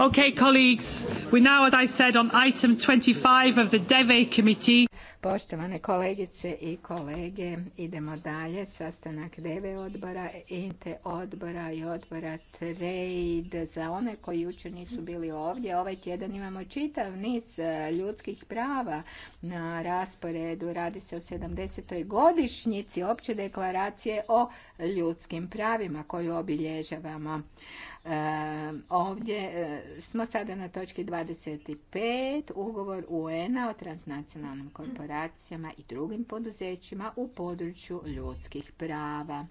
Okay, colleagues, we now, as I the committee. Poštovane kolegice i kolege, idemo dalje. Sastanak DEVE odbora, INTE odbora i odbora TRADE. Za one koji jučer nisu bili ovdje, ovaj tjedan imamo čitav niz e, ljudskih prava na rasporedu. Radi se o 70. godišnjici opće deklaracije o ljudskim pravima koju obilježavamo. E, ovdje e, smo sada na točki 25, ugovor UN-a o transnacionalnim korporacijama i drugim poduzećima u području ljudskih prava.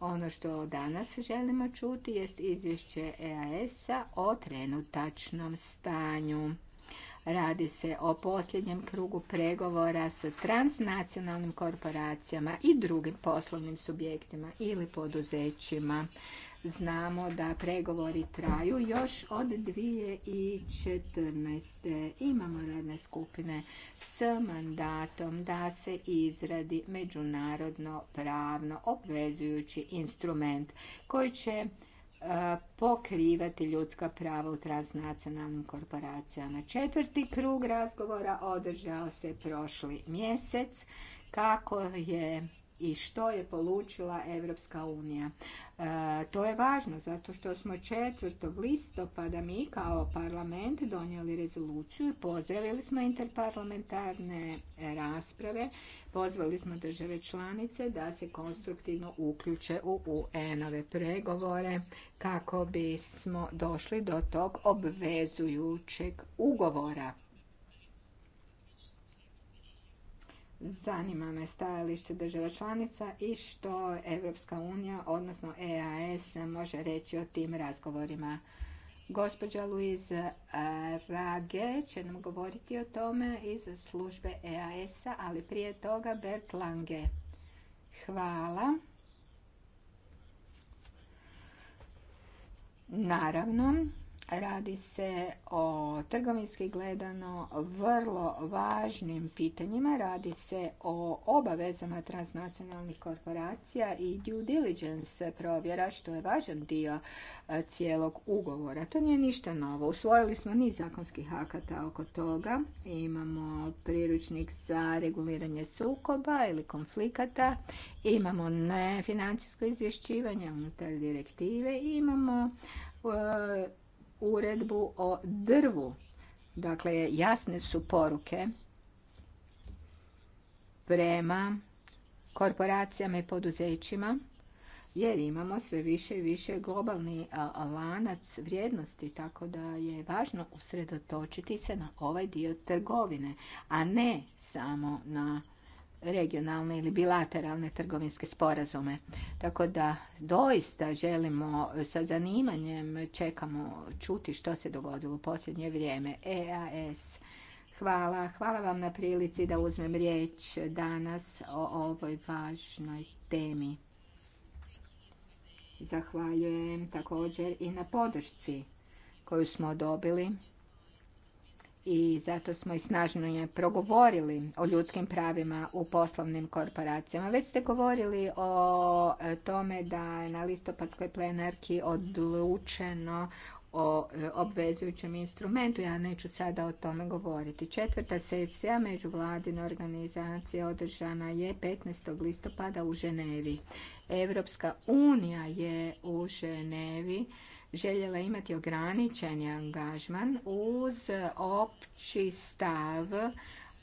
Ono što danas želimo čuti jest izvješće EAS-a o trenutačnom stanju. Radi se o posljednjem krugu pregovora s transnacionalnim korporacijama i drugim poslovnim subjektima ili poduzećima. Znamo da pregovori traju još od 2014. Imamo radne skupine s mandatom da se izradi međunarodno pravno obvezujući instrument koji će pokrivati ljudska prava u transnacionalnim korporacijama. Četvrti krug razgovora održao se prošli mjesec kako je i što je polučila Evropska unija. E, to je važno zato što smo 4. listopada mi kao parlament donijeli rezoluciju i pozdravili smo interparlamentarne e, rasprave. Pozvali smo države članice da se konstruktivno uključe u UN-ove pregovore kako bismo došli do tog obvezujućeg ugovora Zanima me stajalište država članica i što Evropska unija, odnosno EAS, može reći o tim razgovorima. Gospođa Luiz Rage će nam govoriti o tome iz službe EAS-a, ali prije toga Bert Lange. Hvala. Naravno, Radi se o trgovinski gledano vrlo važnim pitanjima. Radi se o obavezama transnacionalnih korporacija i due diligence provjera, što je važan dio e, cijelog ugovora. To nije ništa novo. Usvojili smo niz zakonskih akata oko toga. Imamo priručnik za reguliranje sukoba ili konflikata. Imamo nefinancijsko izvješćivanje unutar direktive imamo e, uredbu o drvu. Dakle, jasne su poruke prema korporacijama i poduzećima jer imamo sve više i više globalni lanac vrijednosti, tako da je važno usredotočiti se na ovaj dio trgovine, a ne samo na regionalne ili bilateralne trgovinske sporazume. Tako da doista želimo sa zanimanjem čekamo čuti što se dogodilo u posljednje vrijeme. EAS Hvala. Hvala vam na prilici da uzmem riječ danas o ovoj važnoj temi. Zahvaljujem također i na podršci koju smo dobili i zato smo i snažno je progovorili o ljudskim pravima u poslovnim korporacijama. Već ste govorili o e, tome da je na listopadskoj plenarki odlučeno o e, obvezujućem instrumentu. Ja neću sada o tome govoriti. Četvrta sesija međuvladine organizacije održana je 15. listopada u Ženevi. Europska unija je u Ženevi željela imati ograničeni angažman uz opći stav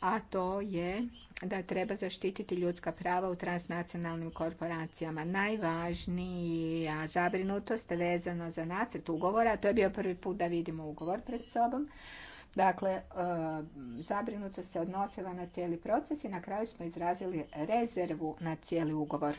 a to je da treba zaštititi ljudska prava u transnacionalnim korporacijama. Najvažnija zabrinutost vezano za nacrt ugovora, to je bio prvi put da vidimo ugovor pred sobom, Dakle, e, zabrinutost se odnosila na cijeli proces i na kraju smo izrazili rezervu na cijeli ugovor.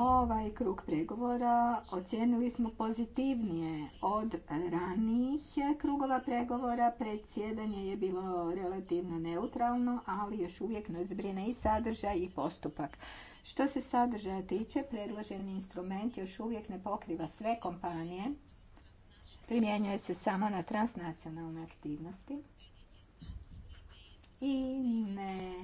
Ovaj krug pregovora ocijenili smo pozitivnije od ranijih krugova pregovora. Predsjedanje je bilo relativno neutralno, ali još uvijek nas brine i sadržaj i postupak. Što se sadržaja tiče, predloženi instrument još uvijek ne pokriva sve kompanije. Primjenjuje se samo na transnacionalne aktivnosti i ne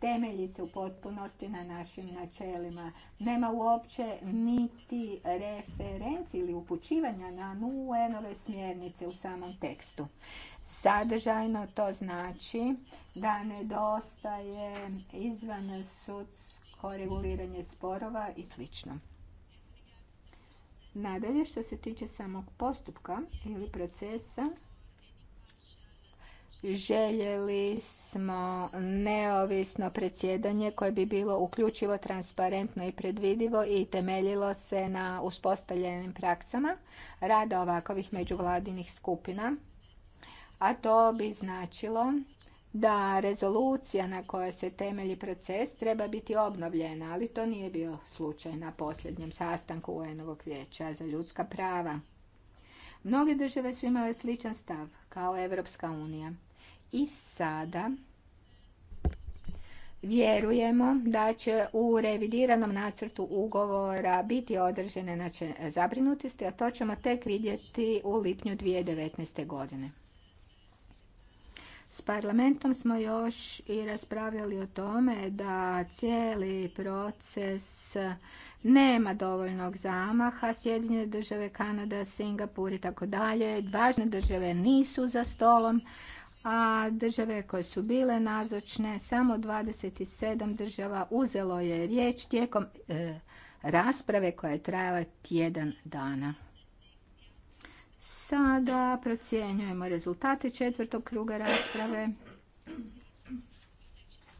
temelji se u potpunosti na našim načelima. Nema uopće niti referenci ili upućivanja na un smjernice u samom tekstu. Sadržajno to znači da nedostaje izvan sudsko reguliranje sporova i sl. Nadalje, što se tiče samog postupka ili procesa, Željeli smo neovisno predsjedanje koje bi bilo uključivo, transparentno i predvidivo i temeljilo se na uspostavljenim praksama rada ovakovih međuvladinih skupina. A to bi značilo da rezolucija na kojoj se temelji proces treba biti obnovljena, ali to nije bio slučaj na posljednjem sastanku UN-ovog vijeća za ljudska prava. Mnoge države su imale sličan stav kao Europska unija. I sada vjerujemo da će u revidiranom nacrtu ugovora biti održene zabrinutosti, a to ćemo tek vidjeti u lipnju 2019. godine. S parlamentom smo još i raspravljali o tome da cijeli proces nema dovoljnog zamaha. Sjedinje države, Kanada, Singapur i tako dalje. Važne države nisu za stolom a države koje su bile nazočne, samo 27 država uzelo je riječ tijekom e, rasprave koja je trajala tjedan dana. Sada procjenjujemo rezultate četvrtog kruga rasprave.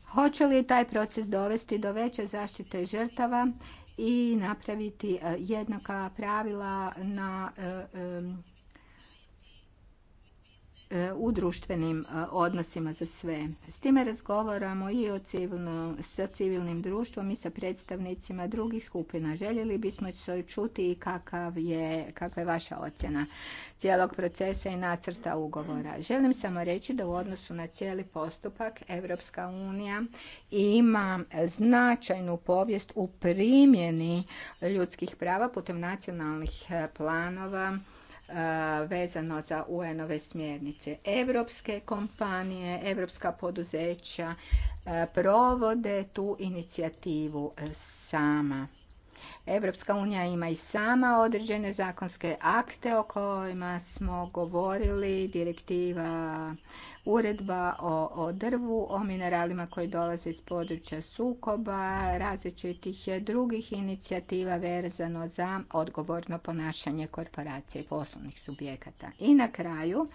Hoće li taj proces dovesti do veće zaštite žrtava i napraviti e, jednaka pravila na e, E, u društvenim e, odnosima za sve. S time razgovaramo i o civilno, sa civilnim društvom i sa predstavnicima drugih skupina. Željeli bismo čuti i kakav je, kakva je vaša ocjena cijelog procesa i nacrta ugovora. Želim samo reći da u odnosu na cijeli postupak Evropska unija ima značajnu povijest u primjeni ljudskih prava putem nacionalnih e, planova E, vezano za UN-ove smjernice. Evropske kompanije, europska poduzeća e, provode tu inicijativu e, sama. Evropska unija ima i sama određene zakonske akte o kojima smo govorili, direktiva uredba o, o drvu, o mineralima koji dolaze iz područja sukoba, različitih drugih inicijativa vezano za odgovorno ponašanje korporacije i poslovnih subjekata. I na kraju,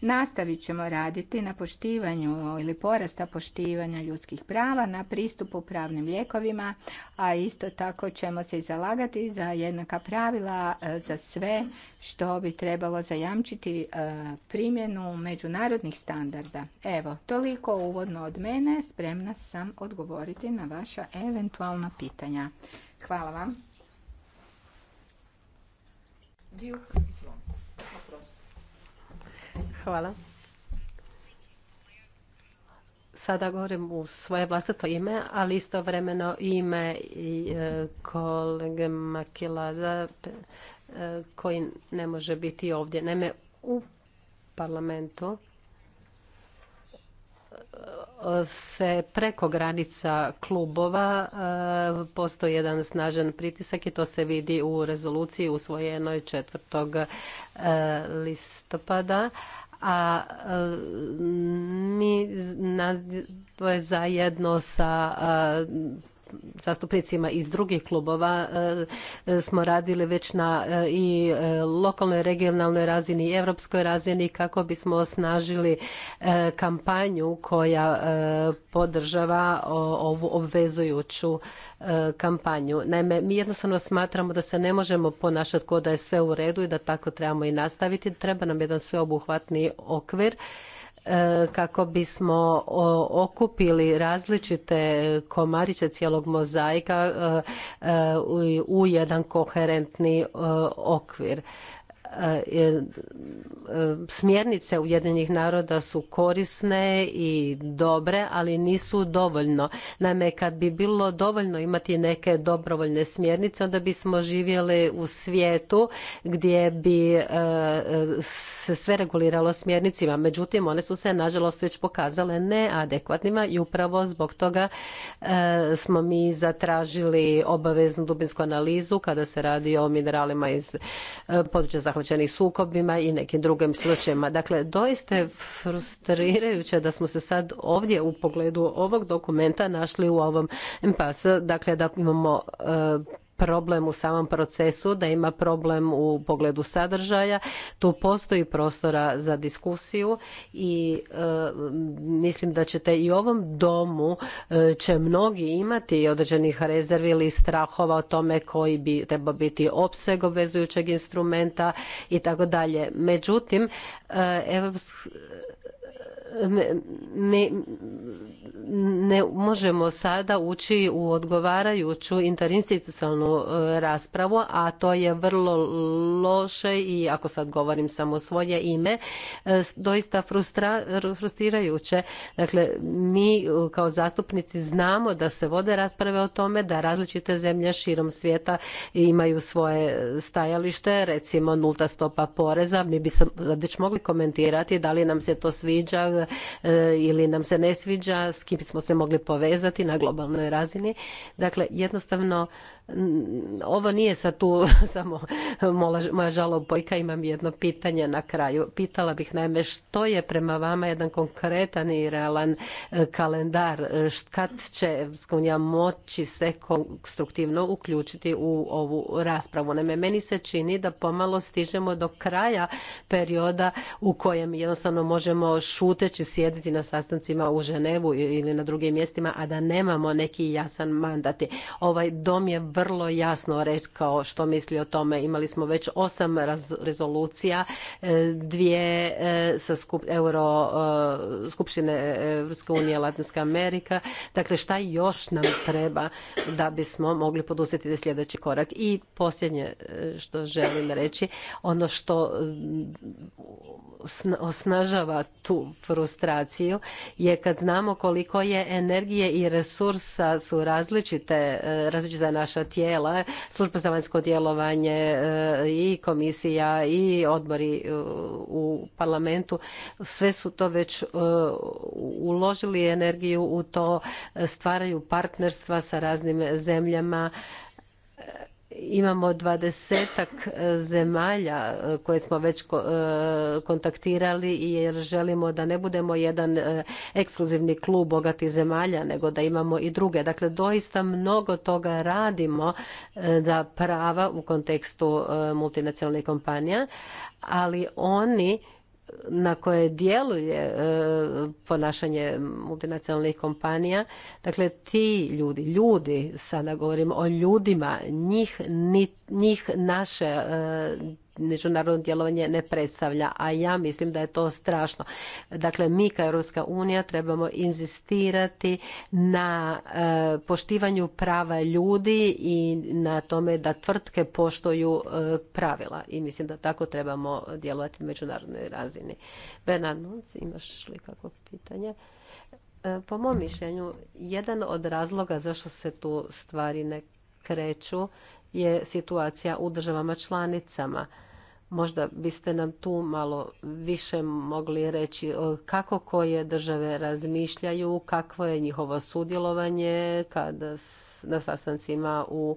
Nastavit ćemo raditi na poštivanju ili porasta poštivanja ljudskih prava, na pristupu pravnim lijekovima, a isto tako ćemo se i zalagati za jednaka pravila e, za sve što bi trebalo zajamčiti e, primjenu međunarodnih standarda. Evo, toliko uvodno od mene, spremna sam odgovoriti na vaša eventualna pitanja. Hvala vam. Hvala. Sada govorim u svoje vlastito ime, ali istovremeno ime i e, kolege Makilada e, koji ne može biti ovdje. Naime, u parlamentu e, se preko granica klubova postoji jedan snažan pritisak i to se vidi u rezoluciji usvojenoj 4. listopada, a e, mi nas zajedno sa e, zastupnicima iz drugih klubova e, e, smo radili već na e, i lokalnoj, regionalnoj razini i europskoj razini kako bismo osnažili kampanju koja podržava ovu obvezujuću kampanju. Naime, mi jednostavno smatramo da se ne možemo ponašati kao da je sve u redu i da tako trebamo i nastaviti. Treba nam jedan sveobuhvatni okvir E, kako bismo okupili različite komadiće cijelog mozaika e, e, u jedan koherentni okvir. E, e, smjernice Ujedinjenih naroda su korisne i dobre, ali nisu dovoljno. Naime, kad bi bilo dovoljno imati neke dobrovoljne smjernice, onda bismo živjeli u svijetu gdje bi e, se sve reguliralo smjernicima. Međutim, one su se nažalost već pokazale neadekvatnima i upravo zbog toga smo mi zatražili obaveznu dubinsku analizu kada se radi o mineralima iz područja zahvaćeni sukobima i nekim drugim slučajevima. Dakle, doista je frustrirajuće da smo se sad ovdje u pogledu ovog dokumenta našli u ovom impasu, dakle da imamo e, problem u samom procesu, da ima problem u pogledu sadržaja. Tu postoji prostora za diskusiju i e, mislim da ćete i ovom domu e, će mnogi imati određenih rezervi ili strahova o tome koji bi treba biti opseg obvezujućeg instrumenta i tako dalje. Međutim, e, mi ne možemo sada ući u odgovarajuću interinstitucionalnu e, raspravu, a to je vrlo loše i ako sad govorim samo svoje ime, e, doista frustrirajuće. Dakle, mi e, kao zastupnici znamo da se vode rasprave o tome da različite zemlje širom svijeta imaju svoje stajalište, recimo nulta stopa poreza, mi bi sad već mogli komentirati da li nam se to sviđa, E, ili nam se ne sviđa, s kim smo se mogli povezati na globalnoj razini. Dakle, jednostavno ovo nije sad tu samo moja žalopojka, imam jedno pitanje na kraju. Pitala bih naime što je prema vama jedan konkretan i realan e, kalendar, e, kad će Evropska moći se konstruktivno uključiti u ovu raspravu. Naime, meni se čini da pomalo stižemo do kraja perioda u kojem jednostavno možemo šuteći sjediti na sastancima u Ženevu ili na drugim mjestima, a da nemamo neki jasan mandat. Ovaj dom je vrlo jasno rekao što misli o tome. Imali smo već osam rezolucija, e, dvije e, sa skup, Euro, e, Skupštine Evropske unije Latinska Amerika. Dakle, šta još nam treba da bismo mogli poduzeti sljedeći korak? I posljednje što želim reći, ono što osnažava tu frustraciju je kad znamo koliko je energije i resursa su različite, različita naša tijela, služba za vanjsko djelovanje e, i komisija i odbori e, u parlamentu, sve su to već e, uložili energiju u to, stvaraju partnerstva sa raznim zemljama imamo dvadesetak e, zemalja e, koje smo već e, kontaktirali jer želimo da ne budemo jedan ekskluzivni klub bogatih zemalja nego da imamo i druge. Dakle, doista mnogo toga radimo da prava u kontekstu multinacionalnih kompanija, ali oni na koje djeluje e, ponašanje multinacionalnih kompanija. Dakle, ti ljudi, ljudi, sada govorimo o ljudima, njih, njih naše e, međunarodno djelovanje ne predstavlja, a ja mislim da je to strašno. Dakle, mi kao Europska unija trebamo inzistirati na e, poštivanju prava ljudi i na tome da tvrtke poštuju e, pravila i mislim da tako trebamo djelovati na međunarodnoj razini. Bernard imaš li kakvo pitanje? E, po mom mišljenju, jedan od razloga zašto se tu stvari ne kreću je situacija u državama članicama. Možda biste nam tu malo više mogli reći kako koje države razmišljaju, kakvo je njihovo sudjelovanje kada na sastancima u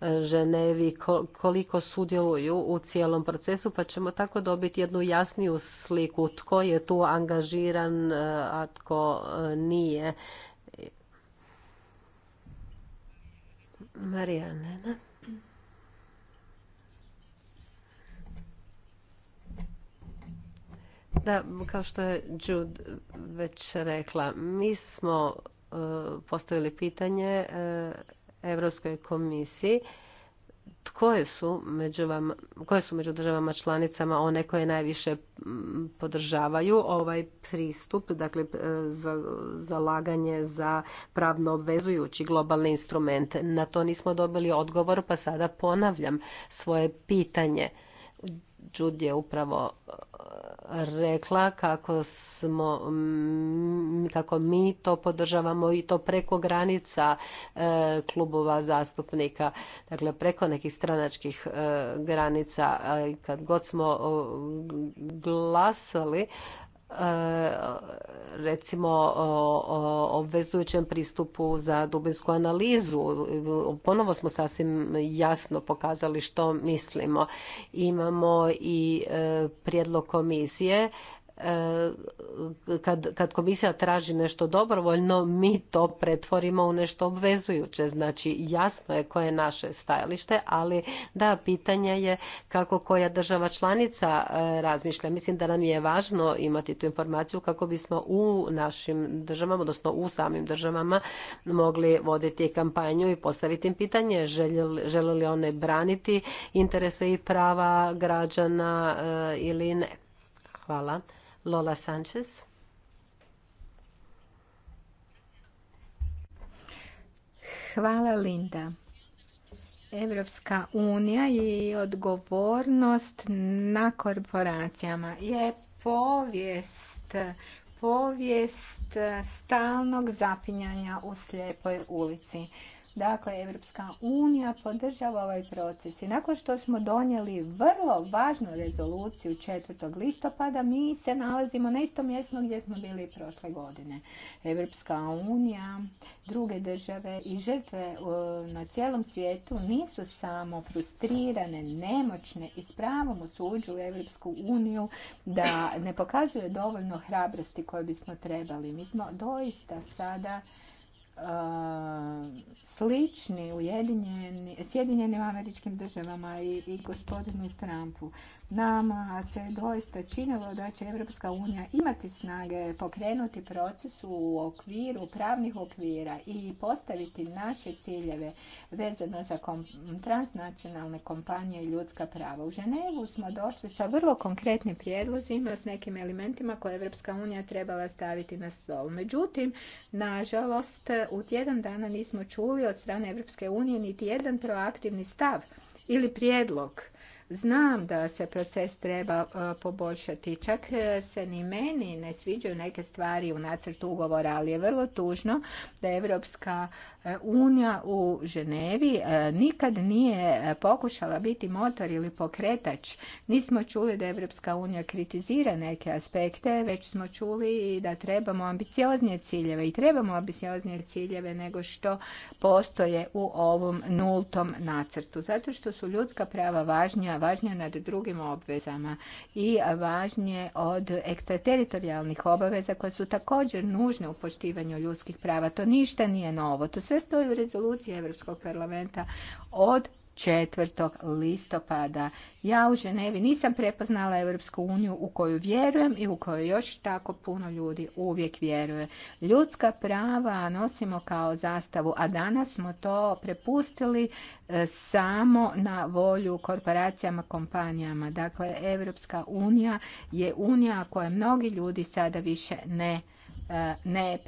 e, Ženevi, koliko sudjeluju u cijelom procesu, pa ćemo tako dobiti jednu jasniju sliku tko je tu angažiran, e, a tko e, nije. Marijanena. Da, kao što je Jude već rekla, mi smo e, postavili pitanje Europskoj komisiji koje su, među državama članicama one koje najviše podržavaju ovaj pristup, dakle e, zalaganje za, za pravno obvezujući globalni instrument. Na to nismo dobili odgovor, pa sada ponavljam svoje pitanje. Judy je upravo e, rekla kako smo kako mi to podržavamo i to preko granica e, klubova zastupnika dakle preko nekih stranačkih e, granica kad god smo glasali E, recimo o obvezujućem pristupu za dubinsku analizu. Ponovo smo sasvim jasno pokazali što mislimo. Imamo i e, prijedlog komisije E, kad, kad komisija traži nešto dobrovoljno, mi to pretvorimo u nešto obvezujuće. Znači, jasno je koje je naše stajalište, ali da, pitanje je kako koja država članica e, razmišlja. Mislim da nam je važno imati tu informaciju kako bismo u našim državama, odnosno u samim državama, mogli voditi kampanju i postaviti im pitanje žele li one braniti interese i prava građana e, ili ne. Hvala. Lola Sanchez. Hvala Linda. Evropska unija i odgovornost na korporacijama je povijest povijest stalnog zapinjanja u slijepoj ulici. Dakle, Evropska unija podržava ovaj proces i nakon što smo donijeli vrlo važnu rezoluciju 4. listopada, mi se nalazimo na istom mjestu gdje smo bili prošle godine. Evropska unija, druge države i žrtve e, na cijelom svijetu nisu samo frustrirane, nemoćne i s pravom osuđuju Evropsku uniju da ne pokazuje dovoljno hrabrosti koje bismo trebali. Mi smo doista sada slični Ujedinjeni, Sjedinjenim američkim državama i, i gospodinu Trumpu. Nama se doista činilo da će Europska unija imati snage pokrenuti proces u okviru pravnih okvira i postaviti naše ciljeve vezano za transnacionalne kompanije i ljudska prava. U Ženevu smo došli sa vrlo konkretnim prijedlozima s nekim elementima koje Evropska unija trebala staviti na stol. Međutim, nažalost, u tjedan dana nismo čuli od strane Evropske unije niti jedan proaktivni stav ili prijedlog Znam da se proces treba e, poboljšati. Čak e, se ni meni ne sviđaju neke stvari u nacrtu ugovora, ali je vrlo tužno da Evropska unija u Ženevi e, nikad nije pokušala biti motor ili pokretač. Nismo čuli da Evropska unija kritizira neke aspekte, već smo čuli da trebamo ambicioznije ciljeve i trebamo ambicioznije ciljeve nego što postoje u ovom nultom nacrtu. Zato što su ljudska prava važnija, važnija nad drugim obvezama i važnije od ekstrateritorijalnih obaveza koje su također nužne u poštivanju ljudskih prava. To ništa nije novo. To sve stoji u rezoluciji Europskog parlamenta od 4. listopada. Ja u Ženevi nisam prepoznala Europsku uniju u koju vjerujem i u koju još tako puno ljudi uvijek vjeruje. Ljudska prava nosimo kao zastavu, a danas smo to prepustili e, samo na volju korporacijama, kompanijama. Dakle, Europska unija je unija koje mnogi ljudi sada više ne E, ne,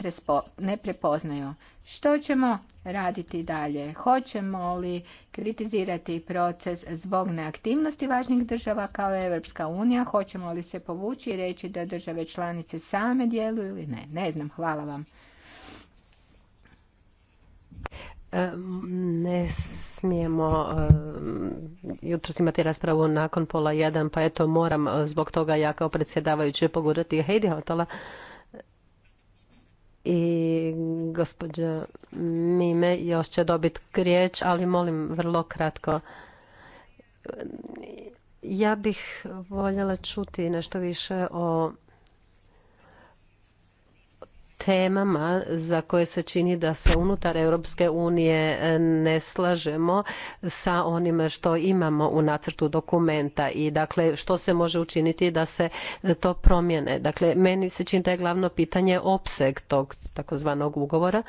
ne prepoznaju. Što ćemo raditi dalje? Hoćemo li kritizirati proces zbog neaktivnosti važnih država kao Evropska unija? Hoćemo li se povući i reći da države članice same djeluju ili ne? Ne znam, hvala vam. E, ne smijemo e, jutros imati raspravu nakon pola jedan, pa eto moram zbog toga ja kao predsjedavajuće pogurati Heidi Hotala i gospođa Mime još će dobiti riječ, ali molim vrlo kratko. Ja bih voljela čuti nešto više o temama za koje se čini da se unutar Europske unije e, ne slažemo sa onime što imamo u nacrtu dokumenta i dakle što se može učiniti da se e, to promijene. Dakle, meni se čini da je glavno pitanje opseg tog takozvanog ugovora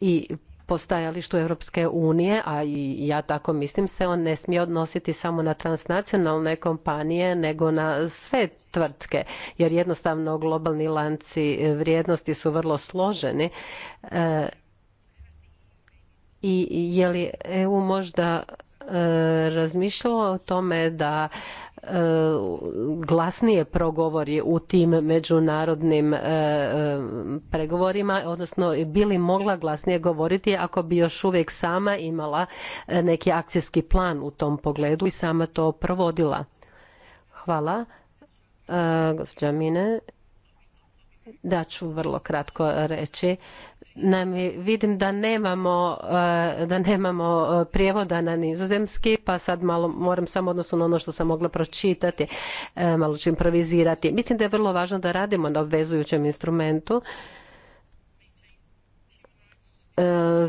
i po stajalištu Europske unije, a i ja tako mislim, se on ne smije odnositi samo na transnacionalne kompanije, nego na sve tvrtke, jer jednostavno globalni lanci vrijednosti su vrlo složeni. E, I je li EU možda e, razmišljalo o tome da E, glasnije progovori u tim međunarodnim e, e, pregovorima, odnosno bi li mogla glasnije govoriti ako bi još uvijek sama imala neki akcijski plan u tom pogledu i sama to provodila. Hvala. Gospođa Mine, da ću vrlo kratko reći vidim da nemamo, e, da nemamo e, prijevoda na nizozemski, pa sad malo moram samo odnosno na ono što sam mogla pročitati, e, malo ću improvizirati. Mislim da je vrlo važno da radimo na obvezujućem instrumentu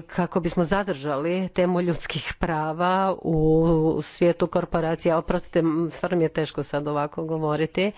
kako bismo zadržali temu ljudskih prava u svijetu korporacija. Oprostite, stvarno mi je teško sad ovako govoriti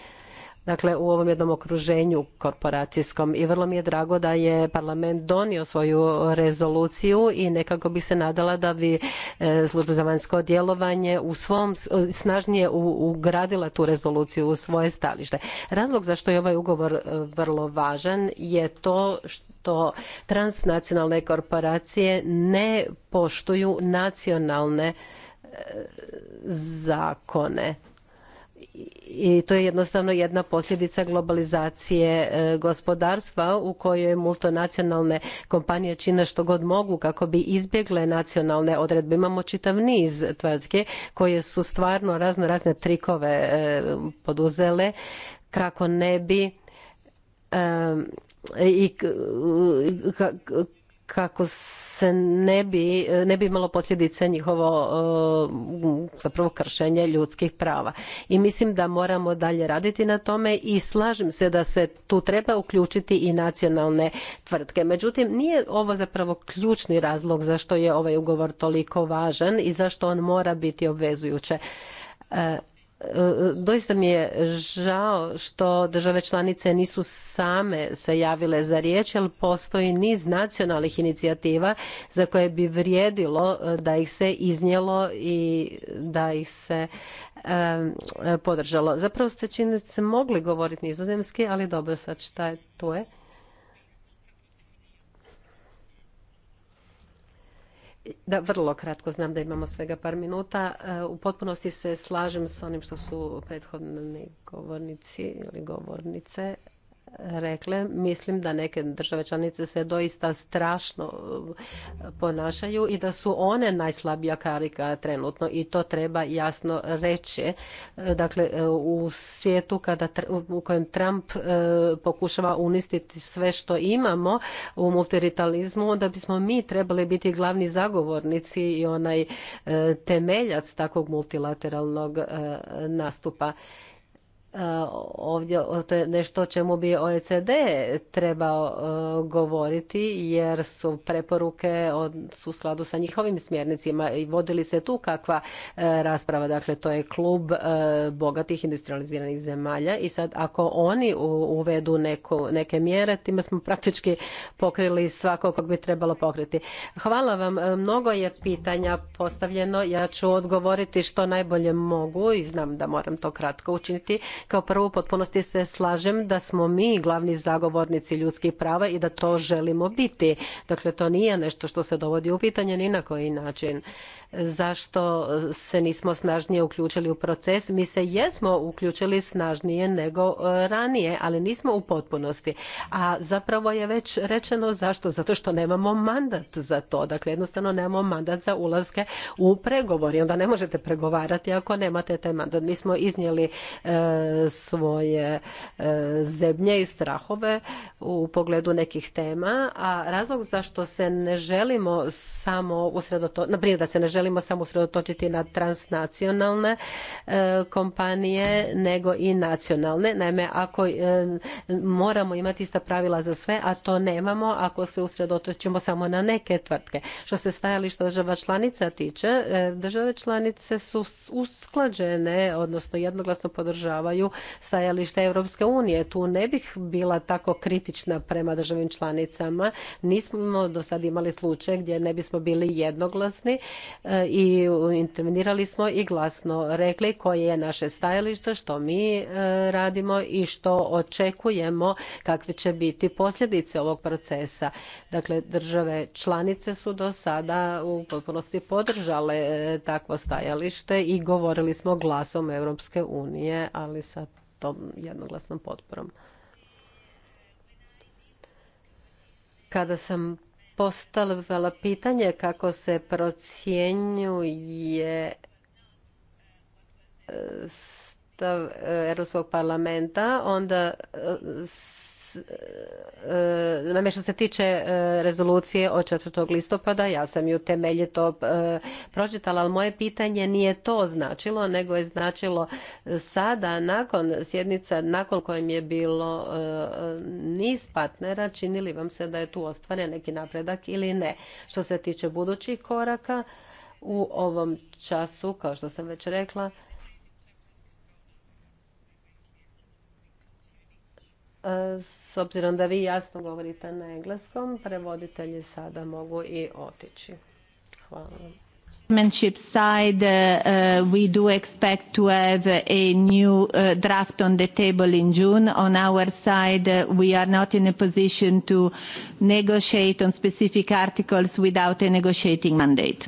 dakle u ovom jednom okruženju korporacijskom i vrlo mi je drago da je parlament donio svoju rezoluciju i nekako bi se nadala da bi e, služba za vanjsko djelovanje u svom snažnije ugradila tu rezoluciju u svoje stalište. Razlog zašto je ovaj ugovor e, vrlo važan je to što transnacionalne korporacije ne poštuju nacionalne e, zakone i to je jednostavno jedna posljedica globalizacije e, gospodarstva u kojoj multinacionalne kompanije čine što god mogu kako bi izbjegle nacionalne odredbe. Imamo čitav niz tvrtke koje su stvarno razno razne trikove e, poduzele kako ne bi e, i kako se ne bi, ne bi imalo posljedice njihovo e, zapravo kršenje ljudskih prava. I mislim da moramo dalje raditi na tome i slažem se da se tu treba uključiti i nacionalne tvrtke. Međutim, nije ovo zapravo ključni razlog zašto je ovaj ugovor toliko važan i zašto on mora biti obvezujuće. E, doista mi je žao što države članice nisu same se javile za riječ, jer postoji niz nacionalnih inicijativa za koje bi vrijedilo e, da ih se iznijelo i da ih se e, podržalo. Zapravo ste čini se mogli govoriti nizozemski, ali dobro sad šta je tu je. Da, vrlo kratko, znam da imamo svega par minuta. E, u potpunosti se slažem s onim što su prethodni govornici ili govornice rekle, mislim da neke države članice se doista strašno e, ponašaju i da su one najslabija karika trenutno i to treba jasno reći. E, dakle, e, u svijetu kada, u kojem Trump pokušava unistiti sve što imamo u multiritalizmu, onda bismo mi trebali biti glavni zagovornici i onaj temeljac takvog multilateralnog nastupa ovdje to je nešto o čemu bi OECD trebao e, govoriti jer su preporuke su u skladu sa njihovim smjernicima i vodili se tu kakva e, rasprava. Dakle, to je klub e, bogatih industrializiranih zemalja i sad ako oni uvedu neko, neke mjere, time smo praktički pokrili svako kog bi trebalo pokriti. Hvala vam. Mnogo je pitanja postavljeno. Ja ću odgovoriti što najbolje mogu i znam da moram to kratko učiniti kao prvo u potpunosti se slažem da smo mi glavni zagovornici ljudskih prava i da to želimo biti. Dakle, to nije nešto što se dovodi u pitanje ni na koji način zašto se nismo snažnije uključili u proces. Mi se jesmo uključili snažnije nego e, ranije, ali nismo u potpunosti. A zapravo je već rečeno zašto? Zato što nemamo mandat za to. Dakle, jednostavno nemamo mandat za ulaske u pregovori. onda ne možete pregovarati ako nemate taj mandat. Mi smo iznijeli e, svoje e, zebnje zemlje i strahove u pogledu nekih tema, a razlog zašto se ne želimo samo usredotočiti, na da se ne želimo želimo samo usredotočiti na transnacionalne e, kompanije nego i nacionalne. Naime, ako e, moramo imati ista pravila za sve, a to nemamo ako se usredotočimo samo na neke tvrtke. Što se stajališta država članica tiče, e, države članice su usklađene, odnosno jednoglasno podržavaju stajalište Europske unije. Tu ne bih bila tako kritična prema državnim članicama. Nismo do sad imali slučaj gdje ne bismo bili jednoglasni i intervenirali smo i glasno rekli koje je naše stajalište, što mi e, radimo i što očekujemo kakve će biti posljedice ovog procesa. Dakle, države članice su do sada u potpunosti podržale e, takvo stajalište i govorili smo glasom Europske unije, ali sa tom jednoglasnom potporom. Kada sam postavila pitanje kako se procjenjuje e, stav Europskog parlamenta, onda e, E, e, nam što se tiče e, rezolucije od 4. listopada, ja sam ju temeljito pročitala, ali moje pitanje nije to značilo, nego je značilo sada, nakon sjednica, nakon kojim je bilo niz partnera, čini li vam se da je tu ostvaren neki napredak ili ne. Što se tiče budućih koraka, u ovom času, kao što sam već rekla, E, s obzirom da vi jasno govorite na engleskom, prevoditelji sada mogu i otići. Hvala. Chairmanship side, uh, uh, we do expect to have a new uh, draft on the table in June. On our side, uh, we are not in a position to negotiate on specific articles without a negotiating mandate.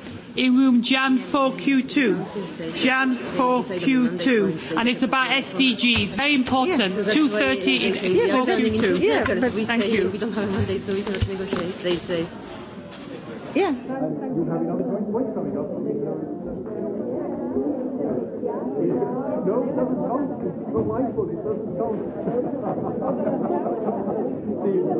in room Jan 4Q2. Jan 4Q2. And it's about SDGs. Very important. Yeah, so in 4Q2. Yeah, we thank say you. we don't have a mandate, so we cannot negotiate, they say. Yeah. No, it doesn't count. The life it doesn't count.